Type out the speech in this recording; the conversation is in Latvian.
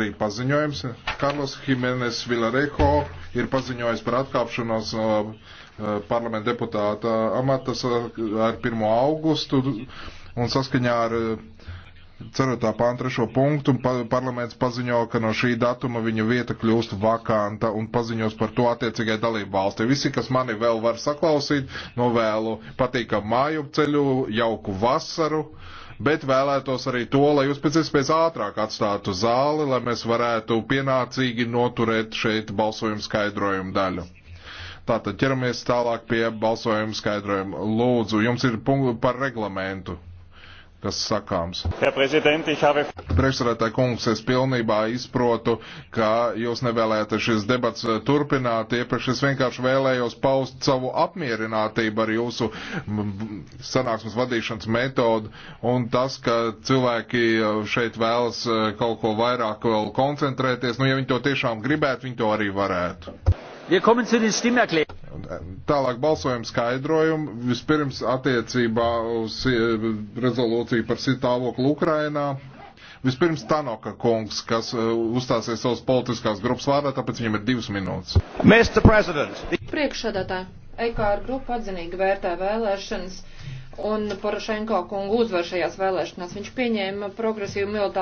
arī paziņojums. Karlos Jimenez Vilarejo ir paziņojis par atkāpšanos uh, uh parlamenta deputāta amatas ar 1. augustu un saskaņā ar uh, 4. pānta 3. punktu, un parlaments paziņo, ka no šī datuma viņa vieta kļūst vakanta un paziņos par to attiecīgai dalību valstī. Visi, kas mani vēl var saklausīt, novēlu patīkamu māju ceļu, jauku vasaru, bet vēlētos arī to, lai jūs pēc iespējas ātrāk atstātu zāli, lai mēs varētu pienācīgi noturēt šeit balsojumu skaidrojumu daļu. Tātad ķeramies tālāk pie balsojuma skaidrojuma. Lūdzu, jums ir punkts par reglamentu kas sakāms. Have... Priekšsarētāji kungs, es pilnībā izprotu, ka jūs nevēlēta šis debats eh, turpināt, iepriekš es vienkārši vēlējos paust savu apmierinātību ar jūsu sanāksmes vadīšanas metodu un tas, ka cilvēki eh, šeit vēlas eh, kaut ko vairāk vēl koncentrēties, nu ja viņi to tiešām gribētu, viņi to arī varētu. Wir kommen zu den Stimmerklärungen. Tālāk balsojam skaidrojumu. Vispirms attiecībā uz eh, rezolūciju par situāvokli Ukrainā. Vispirms Tanoka kungs, kas eh, uzstāsies savas politiskās grupas vārdā, tāpēc viņam ir divas minūtes. Priekšsēdētāji, EKR grupa atzinīgi vērtē vēlēšanas un Porošenko kungu uzvar šajās vēlēšanās. Viņš pieņēma progresīvu militāru.